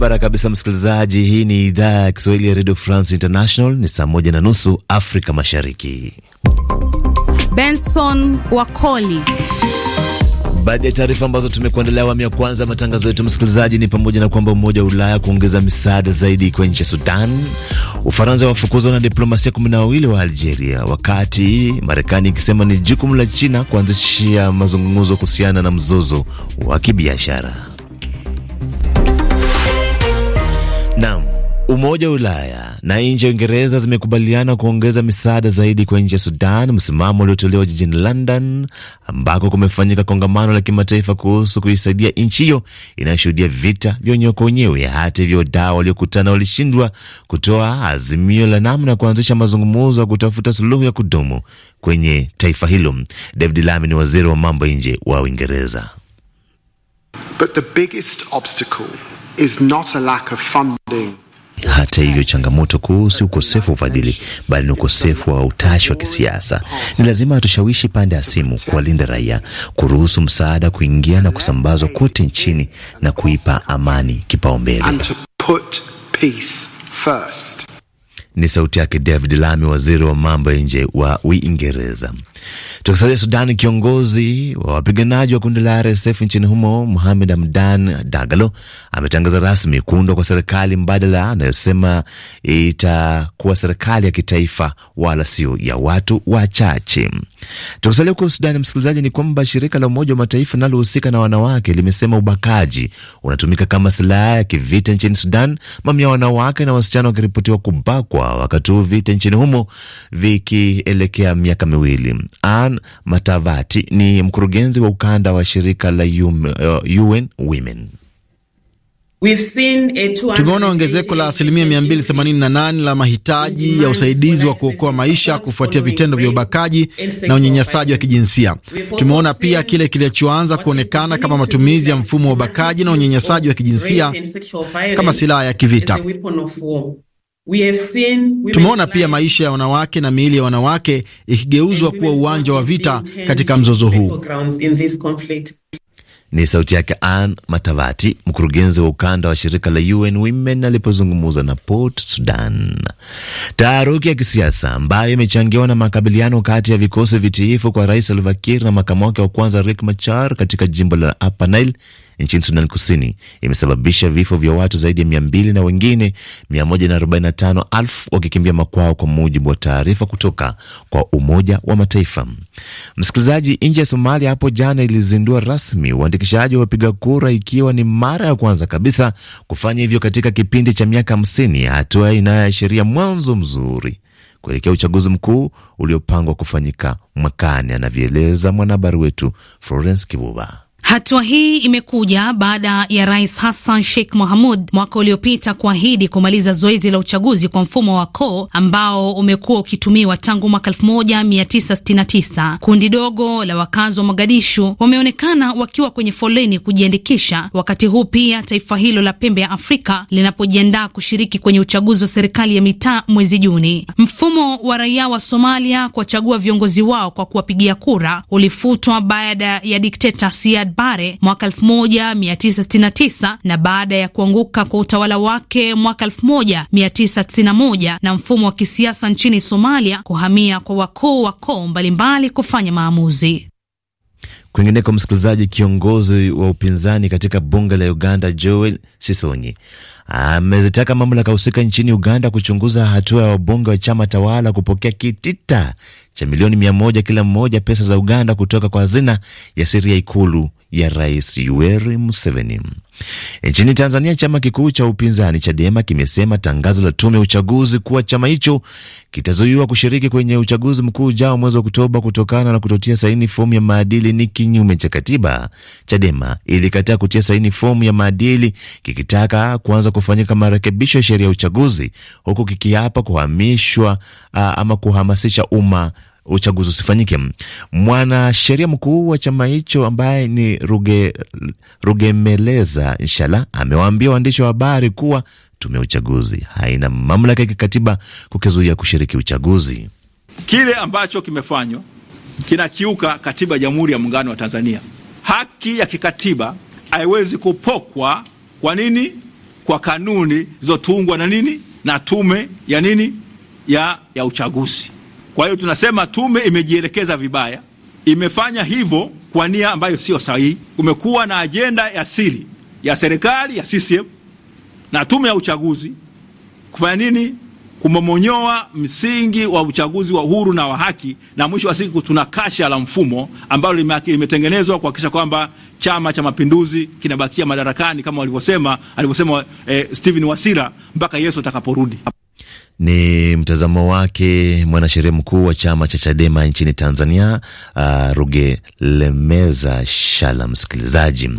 Barabara kabisa, msikilizaji. Hii ni idhaa ya Kiswahili ya Radio France International. Ni saa moja na nusu Afrika Mashariki. Benson Wakoli. Baadhi ya taarifa ambazo tumekuandalia awamu ya kwanza matangazo yetu, msikilizaji, ni pamoja na kwamba Umoja wa Ulaya kuongeza misaada zaidi kwa nchi ya Sudan, Ufaransa wafukuzwa na kumi na wawili wa Algeria, wakati Marekani ikisema ni jukumu la China kuanzishia mazungumzo kuhusiana na mzozo wa kibiashara. Naam, Umoja wa Ulaya na nchi ya Uingereza zimekubaliana kuongeza misaada zaidi kwa nchi ya Sudan, msimamo uliotolewa jijini London ambako kumefanyika kongamano la kimataifa kuhusu kuisaidia nchi hiyo inayoshuhudia vita vya wenyewe kwa wenyewe. Hata hivyo, wadau waliokutana walishindwa kutoa azimio la namna ya kuanzisha mazungumzo ya kutafuta suluhu ya kudumu kwenye taifa hilo. David Lammy ni waziri wa mambo ya nje wa Uingereza. But the biggest obstacle is not a lack of funding. Hata hivyo, changamoto kuu si ukosefu wa ufadhili, bali ni ukosefu wa utashi wa kisiasa. Ni lazima tushawishi pande ya simu kuwalinda raia, kuruhusu msaada kuingia na kusambazwa kote nchini na kuipa amani kipaumbele. Ni sauti yake David Lami, waziri wa mambo ya nje wa Uingereza. Tukisalia Sudani, kiongozi wa wapiganaji wa kundi la RSF nchini humo Muhamed Hamdan Dagalo ametangaza rasmi kuundwa kwa serikali mbadala anayosema itakuwa serikali ya kitaifa wala sio ya watu wachache. Tukisalia huko Sudani, msikilizaji, ni kwamba shirika la Umoja wa Mataifa linalohusika na wanawake limesema ubakaji unatumika kama silaha ya kivita nchini Sudan, mamia ya wanawake na wasichana wakiripotiwa kubakwa wakati huu vita nchini humo vikielekea miaka miwili. Ann Matavati ni mkurugenzi wa ukanda wa shirika la UN uh, Women. Tumeona ongezeko la asilimia 288 la mahitaji ya usaidizi wa kuokoa maisha kufuatia vitendo vya ubakaji na unyanyasaji wa kijinsia. Tumeona pia kile kilichoanza kuonekana kama matumizi ya mfumo wa ubakaji na unyanyasaji wa kijinsia kama silaha ya kivita. Tumeona pia maisha ya wanawake na miili ya wanawake ikigeuzwa kuwa uwanja wa vita katika mzozo huu. Ni sauti yake Ann Matavati, mkurugenzi wa ukanda wa shirika la UN Women alipozungumza na Port Sudan. Taharuki ya kisiasa ambayo imechangiwa na makabiliano kati ya vikosi vitiifu kwa Rais Salva Kiir na makamu wake wa kwanza Riek Machar katika jimbo la Upper Nile nchini Sudan Kusini imesababisha vifo vya watu zaidi ya mia mbili na wengine tano elfu wakikimbia makwao, kwa mujibu wa taarifa kutoka kwa Umoja wa Mataifa. Msikilizaji, nchi ya Somalia hapo jana ilizindua rasmi uandikishaji wa wapiga kura, ikiwa ni mara ya kwanza kabisa kufanya hivyo katika kipindi cha miaka hamsini, hatua inayoashiria mwanzo mzuri kuelekea uchaguzi mkuu uliopangwa kufanyika mwakani, anavyoeleza mwanahabari wetu Florence Kibuba. Hatua hii imekuja baada ya Rais Hassan Sheikh Mohamud mwaka uliopita kuahidi kumaliza zoezi la uchaguzi kwa mfumo wa koo ambao umekuwa ukitumiwa tangu mwaka 1969. Kundi dogo la wakazi wa Mogadishu wameonekana wakiwa kwenye foleni kujiandikisha, wakati huu pia taifa hilo la pembe ya Afrika linapojiandaa kushiriki kwenye uchaguzi wa serikali ya mitaa mwezi Juni. Mfumo wa raia wa Somalia kuwachagua viongozi wao kwa kuwapigia kura ulifutwa baada ya dikteta Siad Bare mwaka 1969 na baada ya kuanguka kwa utawala wake mwaka 1991 na mfumo wa kisiasa nchini Somalia kuhamia kwa wakuu wa koo mbalimbali kufanya maamuzi. Kwingineko, msikilizaji, kiongozi wa upinzani katika bunge la Uganda Joel Sisonyi amezitaka mamlaka husika nchini Uganda kuchunguza hatua ya wabunge wa chama tawala kupokea kitita cha milioni mia moja kila mmoja pesa za Uganda kutoka kwa hazina ya siri ya Ikulu ya Rais Yoweri Museveni. E, nchini Tanzania, chama kikuu cha upinzani Chadema kimesema tangazo la tume ya uchaguzi kuwa chama hicho kitazuiwa kushiriki kwenye uchaguzi mkuu ujao mwezi wa Oktoba kutokana na kutotia saini fomu ya maadili ni kinyume cha katiba. Chadema ilikataa kutia saini fomu ya maadili kikitaka kuanza kufanyika marekebisho ya sheria ya uchaguzi, huku kikiapa kuhamishwa ama kuhamasisha umma uchaguzi usifanyike. Mwanasheria mkuu wa chama hicho ambaye ni Ruge, Rugemeleza Nshala amewaambia waandishi wa habari kuwa tume ya uchaguzi haina mamlaka ya kikatiba kukizuia kushiriki uchaguzi. Kile ambacho kimefanywa kinakiuka katiba ya Jamhuri ya Muungano wa Tanzania. Haki ya kikatiba haiwezi kupokwa. Kwa nini? Kwa kanuni zilizotungwa na nini na tume ya nini ya, ya uchaguzi. Kwa hiyo tunasema tume imejielekeza vibaya, imefanya hivyo kwa nia ambayo sio sahihi. Kumekuwa na ajenda ya siri ya serikali ya CCM na tume ya uchaguzi kufanya nini? Kumomonyoa msingi wa uchaguzi wa uhuru na wa haki, na mwisho wa siku tuna kasha la mfumo ambalo limetengenezwa kuhakikisha kwamba Chama cha Mapinduzi kinabakia madarakani kama walivyosema alivyosema eh, Steven Wasira mpaka Yesu atakaporudi. Ni mtazamo wake mwanasheria mkuu wa chama cha Chadema nchini Tanzania, uh, Rugelemeza Shala. Msikilizaji,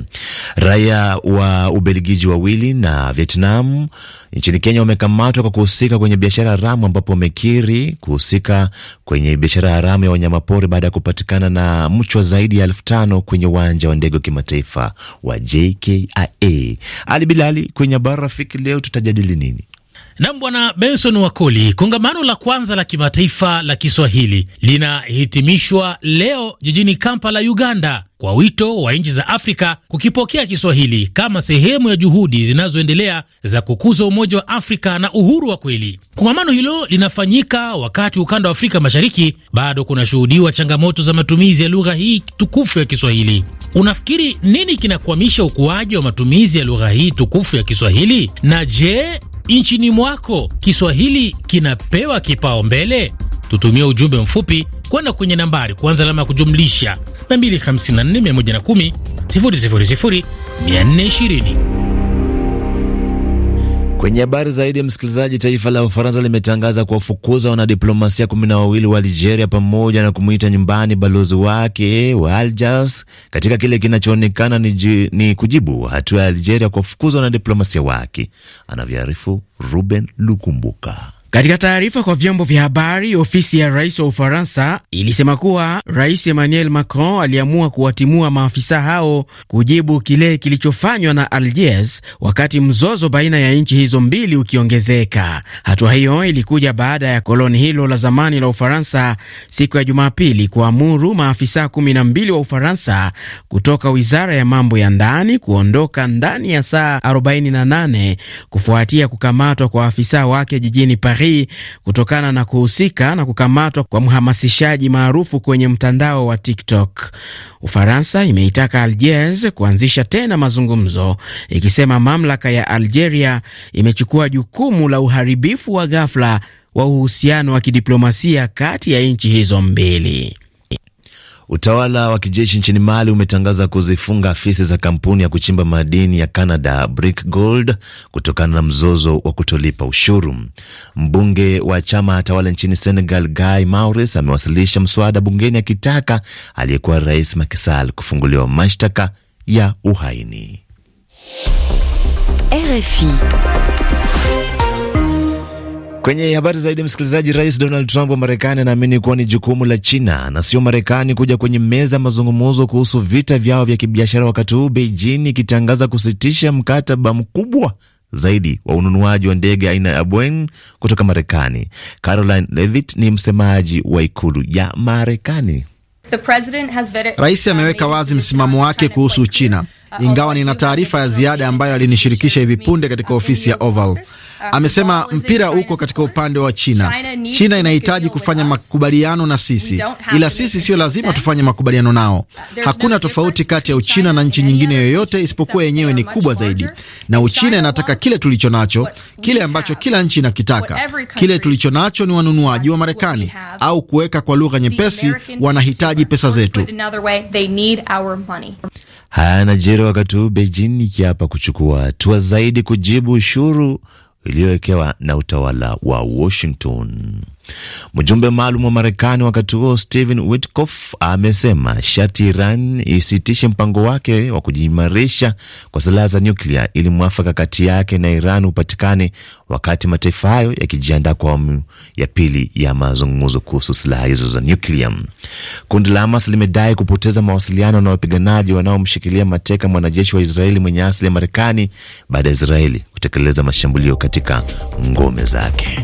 raia wa Ubelgiji wawili na Vietnam nchini Kenya wamekamatwa kwa kuhusika kwenye biashara haramu, ambapo wamekiri kuhusika kwenye biashara haramu ya wanyamapori baada ya kupatikana na mchwa zaidi ya elfu tano kwenye uwanja wa ndege wa kimataifa wa JKIA. Ali Bilali, kwenye Habari Rafiki leo tutajadili nini? Nam Bwana Benson Wakoli, kongamano la kwanza la kimataifa la Kiswahili linahitimishwa leo jijini Kampala, Uganda, kwa wito wa nchi za Afrika kukipokea Kiswahili kama sehemu ya juhudi zinazoendelea za kukuza umoja wa Afrika na uhuru wa kweli. Kongamano hilo linafanyika wakati ukanda wa Afrika Mashariki bado kunashuhudiwa changamoto za matumizi ya lugha hii tukufu ya Kiswahili. Unafikiri nini kinakwamisha ukuaji wa matumizi ya lugha hii tukufu ya Kiswahili? Na je, nchini mwako Kiswahili kinapewa kipaumbele? Tutumie ujumbe mfupi kwenda kwenye nambari kuanza alama ya kujumlisha 254 110 000 420. Kwenye habari zaidi, msikilizaji, taifa la Ufaransa limetangaza kuwafukuza wanadiplomasia kumi na wawili wa Algeria pamoja na kumwita nyumbani balozi wake wa Aljas katika kile kinachoonekana ni, ni kujibu hatua ya Algeria kuwafukuza wanadiplomasia wake, anavyoarifu Ruben Lukumbuka. Katika taarifa kwa vyombo vya habari, ofisi ya rais wa Ufaransa ilisema kuwa rais Emmanuel Macron aliamua kuwatimua maafisa hao kujibu kile kilichofanywa na Algiers wakati mzozo baina ya nchi hizo mbili ukiongezeka. Hatua hiyo ilikuja baada ya koloni hilo la zamani la Ufaransa siku ya Jumapili kuamuru maafisa 12 mbili wa Ufaransa kutoka wizara ya mambo ya ndani kuondoka ndani ya saa 48 kufuatia kukamatwa kwa afisa wake jijini Paris Paris kutokana na kuhusika na kukamatwa kwa mhamasishaji maarufu kwenye mtandao wa TikTok. Ufaransa imeitaka Algiers kuanzisha tena mazungumzo ikisema mamlaka ya Algeria imechukua jukumu la uharibifu wa ghafla wa uhusiano wa kidiplomasia kati ya nchi hizo mbili. Utawala wa kijeshi nchini Mali umetangaza kuzifunga afisi za kampuni ya kuchimba madini ya Canada Brick Gold kutokana na mzozo wa kutolipa ushuru. Mbunge wa chama tawala nchini Senegal Guy Maurice amewasilisha mswada bungeni akitaka aliyekuwa rais Macky Sall kufunguliwa mashtaka ya uhaini. RFI. Kwenye habari zaidi, msikilizaji, Rais Donald Trump wa Marekani anaamini kuwa ni jukumu la China na sio Marekani kuja kwenye meza ya mazungumzo kuhusu vita vyao vya kibiashara, wakati huu Beijing ikitangaza kusitisha mkataba mkubwa zaidi wa ununuaji wa ndege aina ya Boeing kutoka Marekani. Caroline Levitt ni msemaji wa ikulu ya Marekani. Rais ameweka wazi msimamo wake kuhusu China, uh, ingawa nina taarifa ya ziada ambayo alinishirikisha hivi punde katika ofisi ya Oval. Amesema mpira uko katika upande wa China. China inahitaji kufanya makubaliano na sisi, ila sisi sio lazima tufanye makubaliano nao. Hakuna tofauti kati ya Uchina na nchi nyingine yoyote, isipokuwa yenyewe ni kubwa zaidi, na Uchina inataka kile tulicho nacho, kile ambacho kila nchi inakitaka. Kile tulicho nacho ni wanunuaji wa Marekani, au kuweka kwa lugha nyepesi, wanahitaji pesa zetu. Haya yanajiri wakati huu Beijing ikiapa kuchukua hatua zaidi kujibu ushuru iliyowekewa na utawala wa Washington. Mjumbe maalum wa Marekani wakati huo Stephen Witkoff amesema shati Iran isitishe mpango wake wa kujiimarisha kwa silaha za nyuklia ili mwafaka kati yake na Iran upatikane wakati mataifa hayo yakijiandaa kwa awamu ya pili ya mazungumzo kuhusu silaha hizo za nyuklia. Kundi la Hamas limedai kupoteza mawasiliano na wapiganaji wanaomshikilia mateka mwanajeshi wa Israeli mwenye asili ya Marekani baada ya Israeli kutekeleza mashambulio katika ngome zake.